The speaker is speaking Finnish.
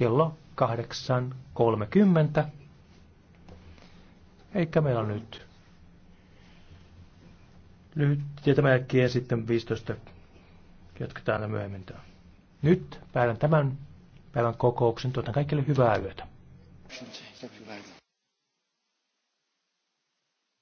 kello 8.30. Eikä meillä on nyt lyhyt ja tämän jälkeen sitten 15 jatketaan aina myöhemmin. Nyt päätän tämän päivän kokouksen. Tuotan kaikille hyvää yötä.